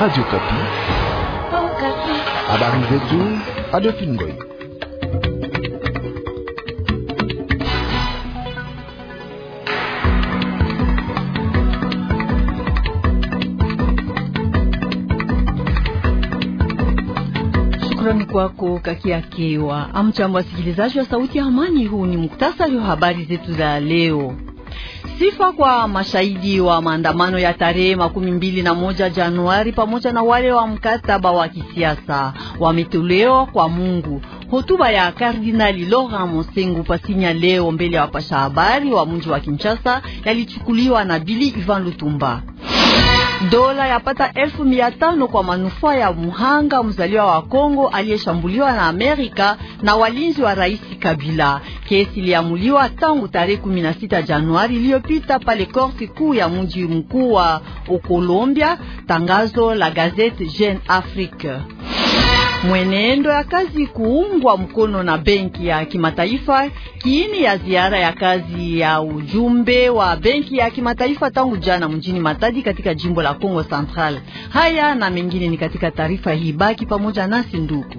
Radio Kapi. Oh, Kapi. Habari zetu Adolphe Ngoy. Shukrani kwako Kakiakewa. Amchambo wasikilizaji wa Sauti ya Amani, huu ni muktasari wa habari zetu za leo. Sifa kwa mashahidi wa maandamano ya tarehe makumi mbili na moja Januari pamoja na wale wa mkataba wa kisiasa wametolewa kwa Mungu. Hotuba ya Kardinali Laurent Mosengu Pasinya leo mbele ya wapasha habari wa mji wa Kinshasa yalichukuliwa na Bili Ivan Lutumba dola yapata elfu mia tano kwa manufaa ya mhanga mzaliwa wa Kongo aliyeshambuliwa na Amerika na walinzi wa rais Kabila. Kesi iliamuliwa tangu tarehe 16 Januari iliyopita pale korti kuu ya mji mkuu wa Ukolombia. Tangazo la gazete Jeune Afrique. Mwenendo ya kazi kuungwa mkono na benki ya kimataifa kiini ya ziara ya kazi ya ujumbe wa benki ya kimataifa tangu jana mjini Matadi katika jimbo la Kongo Central. Haya na mengine ni katika taarifa hii, baki pamoja nasi ndugu.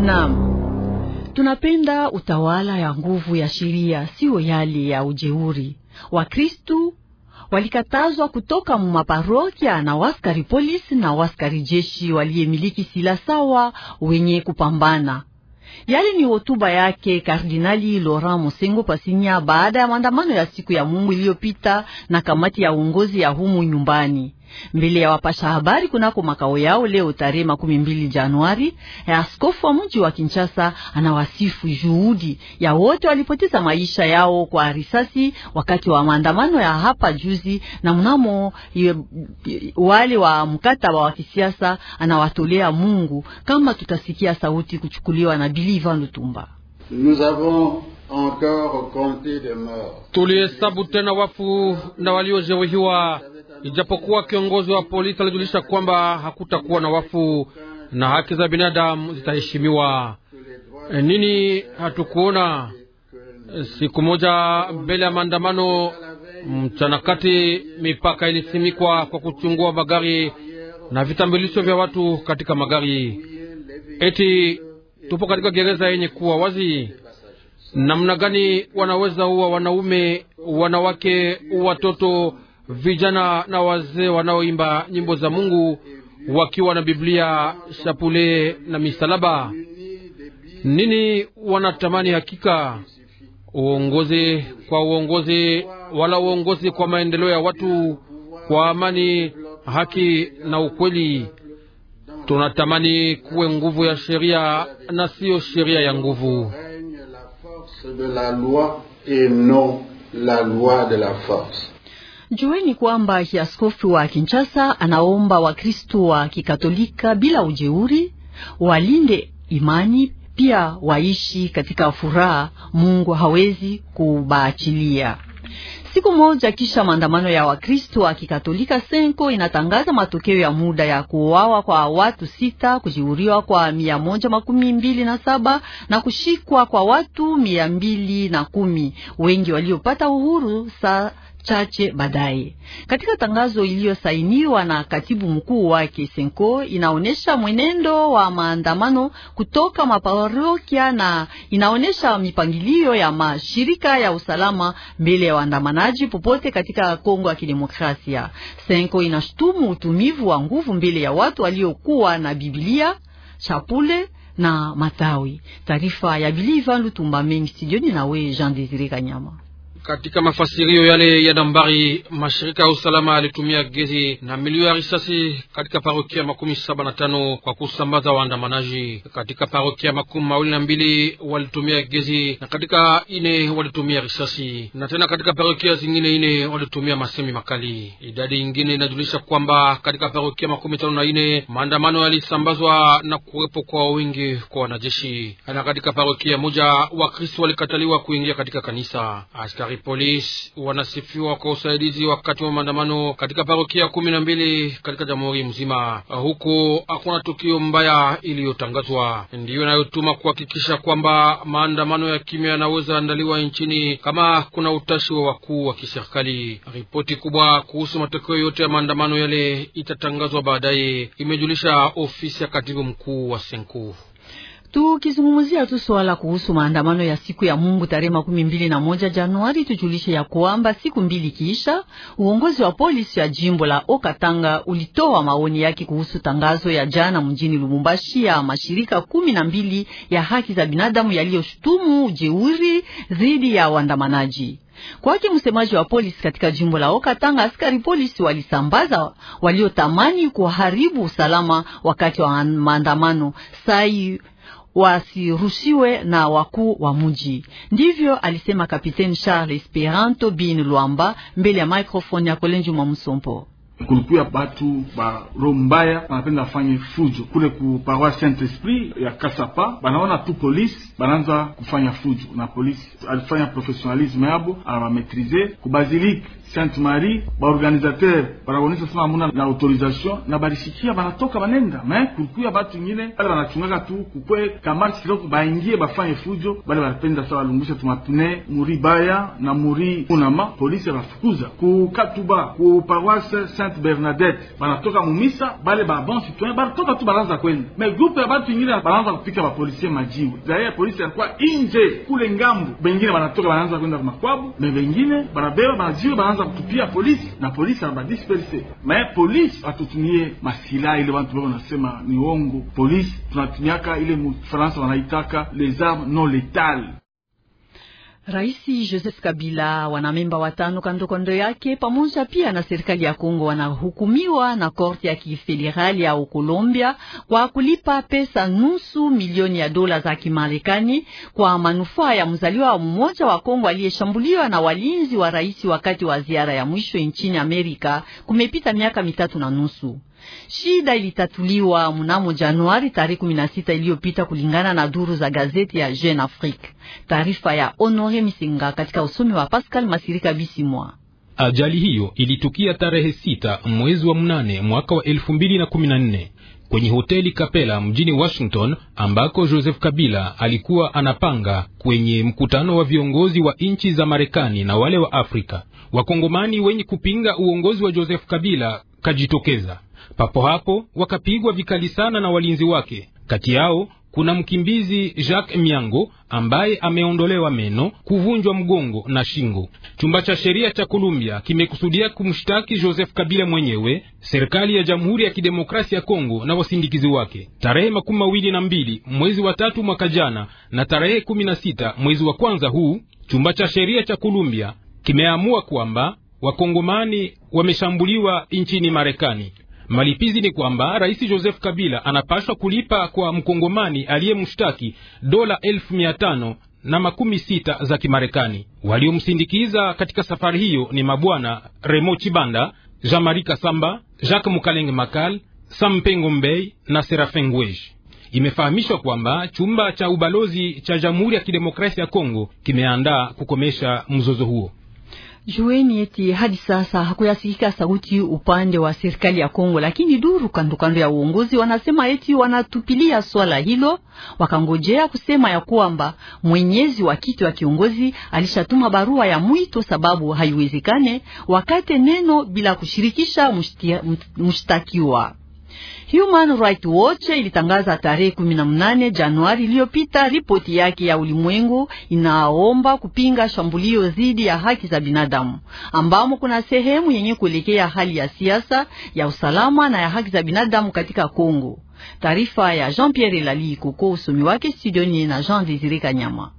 Naam. Tunapenda utawala ya nguvu ya sheria, siyo yale ya ujeuri. Wakristu walikatazwa kutoka maparokia na waskari polisi na waskari jeshi waliyemiliki sila sawa wenye kupambana. Yale ni hotuba yake Kardinali Laurent Mosengo Pasinya baada ya maandamano ya siku ya Mungu iliyopita na kamati ya uongozi ya humu nyumbani mbele ya wapasha habari kunako makao yao leo tarehe makumi mbili Januari. Askofu wa mji wa Kinshasa anawasifu juhudi ya wote walipoteza maisha yao kwa risasi wakati wa maandamano ya hapa juzi, na mnamo wale wa mkataba wa kisiasa anawatolea Mungu, kama tutasikia sauti kuchukuliwa na Bili Ivan Lutumba. Tulihesabu tena wafu na waliojeruhiwa ijapokuwa kiongozi wa polisi alijulisha kwamba hakutakuwa na wafu na haki za binadamu zitaheshimiwa. E, nini hatukuona e, siku moja mbele ya maandamano mchana kati, mipaka ilisimikwa kwa kuchungua magari na vitambulisho vya watu katika magari. Eti tupo katika gereza yenye kuwa wazi. Namna gani wanaweza uwa wanaume, wanawake, watoto vijana na wazee wanaoimba nyimbo za Mungu wakiwa na Biblia, shapule na misalaba. Nini wanatamani? Hakika uongozi kwa uongozi, wala uongozi kwa maendeleo ya watu, kwa amani, haki na ukweli. Tunatamani kuwe nguvu ya sheria na siyo sheria ya nguvu. De la loi et non la loi de la force. Jueni kwamba askofu wa Kinshasa anaomba Wakristo wa Kikatolika bila ujeuri walinde imani pia waishi katika furaha. Mungu hawezi kubaachilia. Siku moja kisha maandamano ya Wakristo wa Kikatolika, Senko inatangaza matokeo ya muda ya kuuawa kwa watu sita, kujiuriwa kwa mia moja makumi mbili na saba na kushikwa kwa watu mia mbili na kumi wengi waliopata uhuru saa chache baadaye. Katika tangazo iliyosainiwa na katibu mkuu wake Senko, inaonyesha mwenendo wa maandamano kutoka maparokia na inaonyesha mipangilio ya mashirika ya usalama mbele ya waandamanaji popote katika Kongo ya Kidemokrasia. Senko inashutumu utumivu wa nguvu mbele ya watu waliokuwa na Biblia, chapule na matawi. Taarifa ya Biliva Lutumba mengi studioni nawe Jean Desire Kanyama. Katika mafasirio yale ya nambari, mashirika ya usalama yalitumia gezi na milio ya risasi katika parokia makumi saba na tano kwa kusambaza waandamanaji. Katika parokia makumi mawili na mbili walitumia gezi na katika ine walitumia risasi, na tena katika parokia zingine ine walitumia masemi makali. Idadi ingine inajulisha kwamba katika parokia makumi tano na ine maandamano yalisambazwa na kuwepo kwa wingi kwa wanajeshi, na katika parokia moja Wakristo walikataliwa kuingia katika kanisa Askari askari polisi wanasifiwa kwa usaidizi wakati wa maandamano katika parokia kumi na mbili katika jamhuri mzima. Huko hakuna tukio mbaya iliyotangazwa, ndiyo inayotuma kuhakikisha kwamba maandamano ya kimya yanaweza andaliwa nchini kama kuna utashi wa wakuu wa kiserikali. Ripoti kubwa kuhusu matokeo yote ya maandamano yale itatangazwa baadaye, imejulisha ofisi ya katibu mkuu wa Senku. Tukizungumzia tu swala kuhusu maandamano ya siku ya Mungu tarehe makumi mbili na moja Januari, tujulishe ya kwamba siku mbili kiisha, uongozi wa polisi ya jimbo la Okatanga ulitoa maoni yake kuhusu tangazo ya jana mjini Lubumbashi ya mashirika kumi na mbili ya haki za binadamu yaliyoshutumu jeuri dhidi ya waandamanaji. Kwake msemaji wa polisi katika jimbo la Okatanga, askari polisi walisambaza waliotamani kuharibu usalama wakati wa maandamano sai wasiruhusiwe na wakuu wa mji. Ndivyo alisema Kapiteni Charles Esperanto Bin Lwamba mbele ya microphone ya Kolenjuma Msompo kulikuya batu ba roho mbaya banapenda afanye fujo kule ku paroisse Saint Esprit ya Kasapa, banaona tu polisi bananza kufanya fujo, na polisi alifanya professionalisme yabo anabametrize ku basilique Sainte Marie. Baorganisateur banaonyesha sema hamuna na autorisation na barishikia banatoka banenda, me kulikuya batu ingine bale banachungaka tu kukwe kamarsi kidogo baingie bafanye fujo, bale banapenda sawa walungusha tumapine muri baya na muri unama, polisi abafukuza kukatuba ku paroisse Saint Sainte Bernadette banatoka mumisa bale babon citoyen banatoka tu balanza kwenda me groupe ya batu ingine balanza kupika bapolisie majiwe zaye ya polisi yanakuwa inje kule ngambu, bengine banatoka banaanza kwenda makwabu me bengine banabeba majiwe banaanza kutupia polisi na polisi anabadisperse. Me polisi batutumie masila ile bantu bao nasema ni ongo, polisi tunatumiaka ile mufransa wanaitaka les armes non letales Raisi Joseph Kabila wanamemba watano kandokando yake pamoja pia na serikali ya Kongo wanahukumiwa na korti ya kifederali ya Ukolombia kwa kulipa pesa nusu milioni ya dola za Kimarekani kwa manufaa ya mzaliwa mmoja wa Kongo aliyeshambuliwa na walinzi wa rais wakati wa ziara ya mwisho nchini Amerika. Kumepita miaka mitatu na nusu. Shida ilitatuliwa mnamo Januari tarehe 16 iliyopita, kulingana na duru za gazeti ya Jeune Afrique. Taarifa ya Honore Misinga katika usomi wa Pascal Masirika Bisimwa. Ajali hiyo ilitukia tarehe sita mwezi wa mnane mwaka wa elfu mbili na kumi na nne kwenye hoteli kapela mjini Washington ambako Joseph Kabila alikuwa anapanga kwenye mkutano wa viongozi wa nchi za Marekani na wale wa Afrika. Wakongomani wenye kupinga uongozi wa Joseph Kabila kajitokeza. Papo hapo wakapigwa vikali sana na walinzi wake. Kati yao kuna mkimbizi Jacques Miango ambaye ameondolewa meno, kuvunjwa mgongo na shingo. Chumba cha sheria cha Columbia kimekusudia kumshtaki Joseph Kabila mwenyewe, serikali ya Jamhuri ya Kidemokrasia ya Kongo na wasindikizi wake tarehe makumi mawili na mbili mwezi wa tatu mwaka jana na tarehe kumi na sita mwezi wa kwanza huu. Chumba cha sheria cha Columbia kimeamua kwamba wakongomani wameshambuliwa nchini Marekani. Malipizi ni kwamba Rais Joseph Kabila anapashwa kulipa kwa mkongomani aliyemshtaki dola elfu mia tano na makumi sita za Kimarekani. Waliomsindikiza katika safari hiyo ni mabwana Remo Chibanda, Jean-Marie Kasamba, Jacques Mukaleng Makal, Sampengo Mbei na Serafin Ngweji. Imefahamishwa kwamba chumba cha ubalozi cha Jamhuri ya Kidemokrasia ya Kongo kimeandaa kukomesha mzozo huo. Jueni eti hadi sasa hakuyasikika sauti upande wa serikali ya Kongo, lakini duru kandokando ya uongozi wanasema eti wanatupilia swala hilo, wakangojea kusema ya kwamba mwenyezi wa kiti wa kiongozi alishatuma barua ya mwito, sababu haiwezekane wakate neno bila kushirikisha mshtakiwa. Human Rights Watch ilitangaza tarehe 18 Januari iliyopita ripoti yake ya ulimwengu inaomba kupinga shambulio dhidi ya haki za binadamu, ambamo kuna sehemu yenye kuelekea hali ya siasa, ya usalama na ya haki za binadamu katika Kongo. Taarifa ya Jean-Pierre Elali Koko, usomi wake studioni na Jean Desire Kanyama.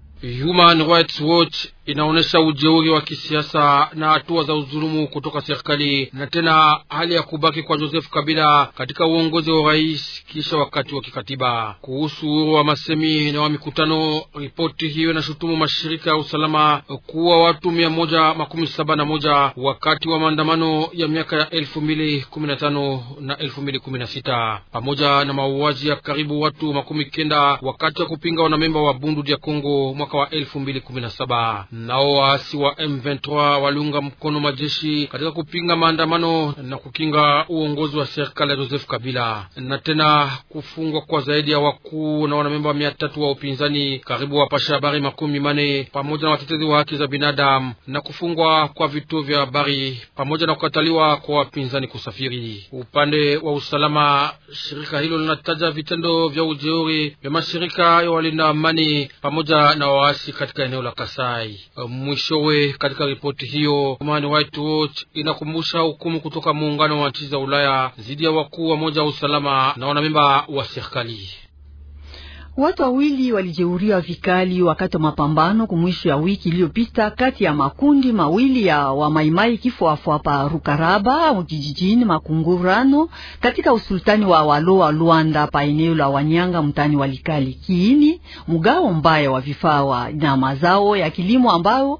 Human Rights Watch inaonyesha ujeuri wa kisiasa na hatua za udhulumu kutoka serikali na tena hali ya kubaki kwa Joseph Kabila katika uongozi wa urais kisha wakati wa kikatiba. Kuhusu uhuru wa masemi na wa mikutano, ripoti hiyo inashutumu mashirika ya usalama kuwa watu mia moja makumi saba na moja wakati wa maandamano ya miaka ya elfu mbili kumi na tano na elfu mbili kumi na sita pamoja na mauaji ya karibu watu makumi kenda wakati wa kupinga wanamemba wa Bundu ya Kongo mwaka wa elfu mbili kumi na saba. Nao waasi wa M23 waliunga mkono majeshi katika kupinga maandamano na kukinga uongozi wa serikali ya Joseph Kabila, na tena kufungwa kwa zaidi ya wakuu na wanamemba mia tatu wa upinzani, karibu wapasha habari makumi mane pamoja na watetezi wa haki za binadamu, na kufungwa kwa vituo vya habari pamoja na kukataliwa kwa wapinzani kusafiri. Upande wa usalama, shirika hilo linataja vitendo vya ujeuri vya mashirika ya walinda amani pamoja na waasi katika eneo la Kasai. Mwishowe, katika ripoti hiyo Human Rights Watch inakumbusha hukumu kutoka muungano wa nchi za Ulaya dhidi ya wakuu wa moja wa usalama na wanamemba wa serikali. Watu wawili walijeuriwa vikali wakati wa mapambano kumwisho ya wiki iliyopita kati ya makundi mawili ya wamaimai kifuafu hapa Rukaraba kijijini Makungurano katika usultani wa Waloa Luanda pa eneo la Wanyanga mtani Walikali kiini mgao mbaya wa vifaa na mazao ya kilimo ambayo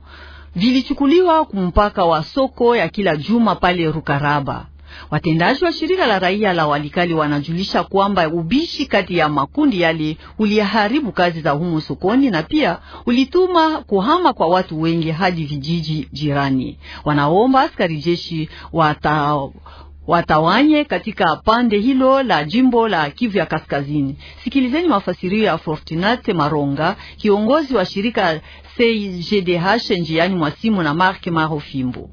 vilichukuliwa kumpaka wa soko ya kila juma pale Rukaraba. Watendaji wa shirika la raia la Walikali wanajulisha kwamba ubishi kati ya makundi yale uliharibu kazi za humo sokoni na pia ulituma kuhama kwa watu wengi hadi vijiji jirani. Wanaomba askari jeshi wata watawanye katika pande hilo la jimbo la Kivu ya Kaskazini. Sikilizeni mafasirio ya Fortunate Maronga, kiongozi wa shirika CGDH njiani mwa simu na Mark Marofimbo.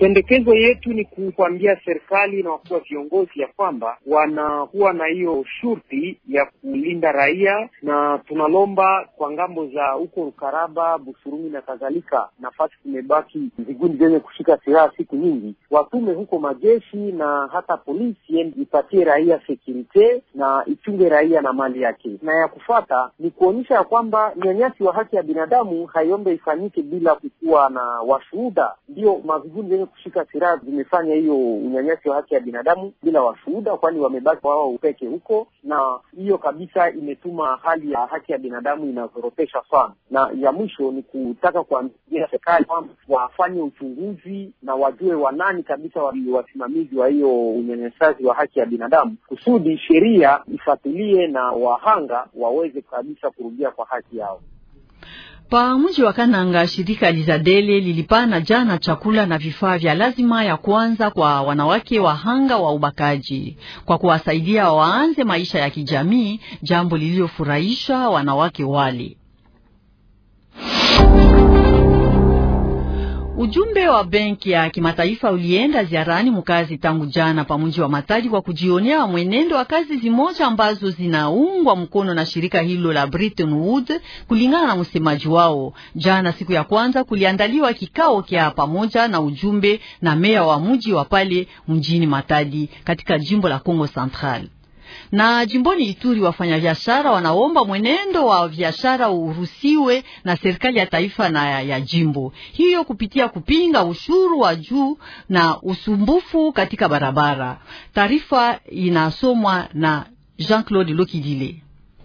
Pendekezo yetu ni kuambia serikali na wakuwa viongozi ya kwamba wanakuwa na hiyo shurti ya kulinda raia, na tunalomba kwa ngambo za huko Rukaraba, Busurumi na kadhalika, nafasi kumebaki vigundi vyenye kushika silaha siku nyingi, watume huko majeshi na hata polisi, ipatie raia sekurite na ichunge raia na mali yake. Na ya kufata ni kuonyesha ya kwamba nyanyasi wa haki ya binadamu haiombe ifanyike bila kukuwa na washuhuda, ndio mavigundi vyenye kushika silaha zimefanya hiyo unyanyasi wa haki ya binadamu bila washuhuda, kwani wamebaki wao upeke huko, na hiyo kabisa imetuma hali ya haki ya binadamu inazorotesha sana. Na ya mwisho ni kutaka kuambia serikali kwamba wafanye uchunguzi na wajue wanani kabisa wasimamizi wa hiyo unyanyasaji wa haki ya binadamu kusudi sheria ifuatilie na wahanga waweze kabisa kurudia kwa haki yao. Pa mji wa Kananga shirika Lizadele lilipana jana chakula na vifaa vya lazima ya kwanza kwa wanawake wahanga wa ubakaji kwa kuwasaidia waanze maisha ya kijamii, jambo lililofurahisha wanawake wale. Ujumbe wa benki ya kimataifa ulienda ziarani mukazi tangu jana pa mji wa Matadi kwa kujionea mwenendo wa kazi zimoja ambazo zinaungwa mkono na shirika hilo la Bretton Woods. Kulingana na msemaji wao, jana siku ya kwanza kuliandaliwa kikao kya pamoja na ujumbe na meya wa mji wa pale mjini Matadi katika jimbo la Kongo Central. Na jimboni Ituri, wafanyabiashara wanaomba mwenendo wa biashara uruhusiwe na serikali ya taifa na ya jimbo hiyo kupitia kupinga ushuru wa juu na usumbufu katika barabara. Taarifa inasomwa na Jean-Claude Lokidile.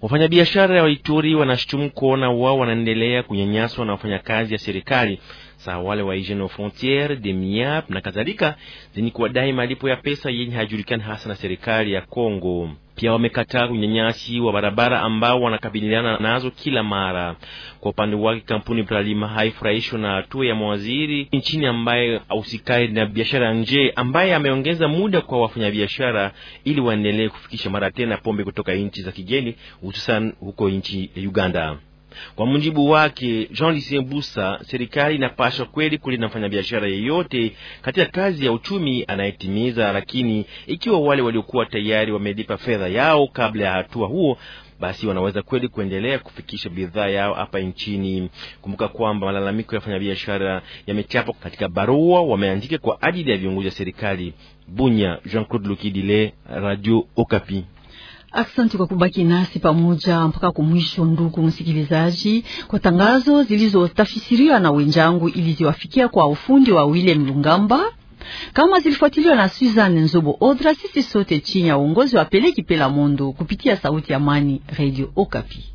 Wafanyabiashara wa Ituri wanashutumu kuona wao wanaendelea kunyanyaswa na wafanyakazi ya serikali sawa wale wa Hygiene aux de Miap na kadhalika, zenye kuwadai malipo ya pesa yenye hajulikani hasa na serikali ya Kongo. Pia wamekataa unyanyasi wa barabara ambao wanakabiliana nazo kila mara. Kwa upande wake, kampuni Bralima haifurahishwa na hatua ya mawaziri nchini ambaye ausikai na biashara nje, ambaye ameongeza muda kwa wafanyabiashara ili waendelee kufikisha mara tena pombe kutoka nchi za kigeni, hususan huko nchi ya Uganda. Kwa mujibu wake Jean Lucien Busa, serikali inapasha kweli kulinda mfanyabiashara yeyote katika kazi ya uchumi anayetimiza, lakini ikiwa wale waliokuwa tayari wamelipa fedha yao kabla ya hatua huo basi wanaweza kweli kuendelea kufikisha bidhaa yao hapa nchini. Kumbuka kwamba malalamiko ya wafanyabiashara yamechapwa katika barua wameandika kwa ajili ya viongozi wa serikali. Bunya, Jean Claude Lukidile, Radio Okapi. Asante kwa kubaki nasi pamoja mpaka kumwisho, ndugu msikilizaji, kwa tangazo zilizotafsiriwa na ili ziwafikia kwa ufundi wa William Lungamba, kama zilifuatiliwa na suzan Nzobo Odra. Sisi sote chini ya uongozi wa Peleki Pela Mondo kupitia Sauti ya Amani, Radio Okapi.